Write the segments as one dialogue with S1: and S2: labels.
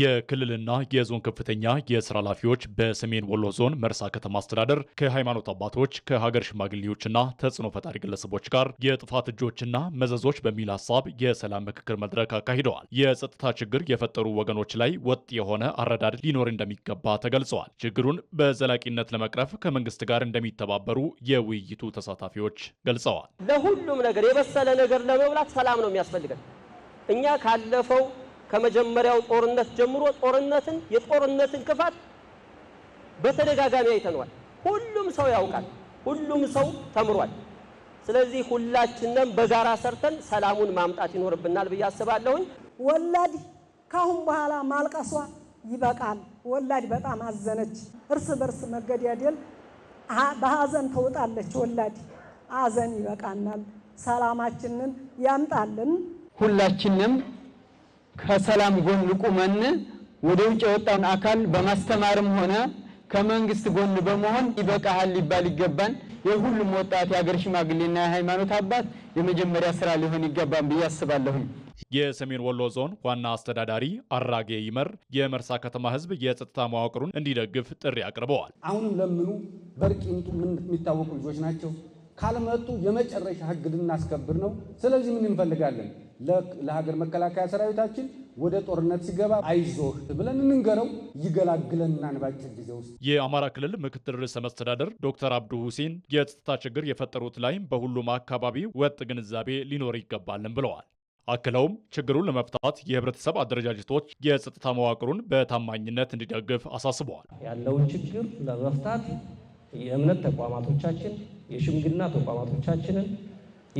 S1: የክልልና የዞን ከፍተኛ የስራ ኃላፊዎች በሰሜን ወሎ ዞን መርሳ ከተማ አስተዳደር ከሃይማኖት አባቶች ከሀገር ሽማግሌዎችና ተጽዕኖ ፈጣሪ ግለሰቦች ጋር የጥፋት እጆችና መዘዞች በሚል ሀሳብ የሰላም ምክክር መድረክ አካሂደዋል። የጸጥታ ችግር የፈጠሩ ወገኖች ላይ ወጥ የሆነ አረዳድ ሊኖር እንደሚገባ ተገልጸዋል። ችግሩን በዘላቂነት ለመቅረፍ ከመንግስት ጋር እንደሚተባበሩ የውይይቱ ተሳታፊዎች ገልጸዋል።
S2: ለሁሉም ነገር የበሰለ ነገር ለመብላት ሰላም ነው የሚያስፈልገን እኛ ካለፈው ከመጀመሪያው ጦርነት ጀምሮ ጦርነትን የጦርነትን ክፋት በተደጋጋሚ አይተነዋል። ሁሉም ሰው ያውቃል፣ ሁሉም ሰው ተምሯል። ስለዚህ ሁላችንም በጋራ ሰርተን ሰላሙን ማምጣት ይኖርብናል ብዬ አስባለሁኝ።
S3: ወላድ ካሁን በኋላ ማልቀሷ ይበቃል። ወላድ በጣም አዘነች። እርስ በርስ መገዳደል በሀዘን ተውጣለች። ወላድ አዘን ይበቃናል። ሰላማችንን ያምጣልን
S4: ሁላችንም ከሰላም ጎን ቁመን ወደ ውጭ የወጣውን አካል በማስተማርም ሆነ ከመንግስት ጎን በመሆን ይበቃሃል ሊባል ይገባን። የሁሉም ወጣት የሀገር ሽማግሌና የሃይማኖት አባት የመጀመሪያ ስራ ሊሆን ይገባን ብዬ አስባለሁኝ።
S1: የሰሜን ወሎ ዞን ዋና አስተዳዳሪ አራጌ ይመር የመርሳ ከተማ ህዝብ የጸጥታ መዋቅሩን እንዲደግፍ ጥሪ አቅርበዋል።
S5: አሁንም ለምኑ በርቂንጡ የሚታወቁ ልጆች ናቸው። ካልመጡ የመጨረሻ ህግ ልናስከብር ነው። ስለዚህ ምን እንፈልጋለን? ለሀገር መከላከያ ሰራዊታችን ወደ ጦርነት ሲገባ አይዞህ ብለን እንንገረው፣ ይገላግለናል በአጭር ጊዜ ውስጥ።
S1: የአማራ ክልል ምክትል ርዕሰ መስተዳደር ዶክተር አብዱ ሁሴን የጸጥታ ችግር የፈጠሩት ላይም በሁሉም አካባቢ ወጥ ግንዛቤ ሊኖር ይገባልን ብለዋል። አክለውም ችግሩን ለመፍታት የህብረተሰብ አደረጃጀቶች የጸጥታ መዋቅሩን በታማኝነት እንዲደግፍ አሳስበዋል።
S6: ያለውን ችግር ለመፍታት የእምነት ተቋማቶቻችን የሽምግልና ተቋማቶቻችንን፣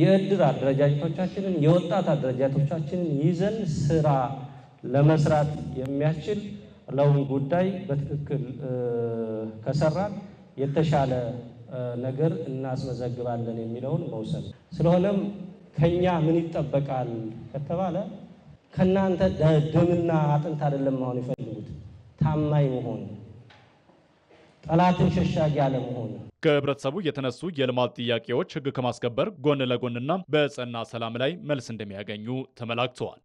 S6: የእድር አደረጃጀቶቻችንን፣ የወጣት አደረጃጀቶቻችንን ይዘን ስራ ለመስራት የሚያስችል ለውን ጉዳይ በትክክል ከሰራን የተሻለ ነገር እናስመዘግባለን የሚለውን መውሰድ። ስለሆነም ከኛ ምን ይጠበቃል ከተባለ ከእናንተ ደምና አጥንት አይደለም መሆን የፈልጉት ታማኝ መሆን ጠላትን ሸሻጊ አለመሆን
S1: ከህብረተሰቡ የተነሱ የልማት ጥያቄዎች ህግ ከማስከበር ጎን ለጎንና በጸና ሰላም ላይ መልስ እንደሚያገኙ ተመላክተዋል።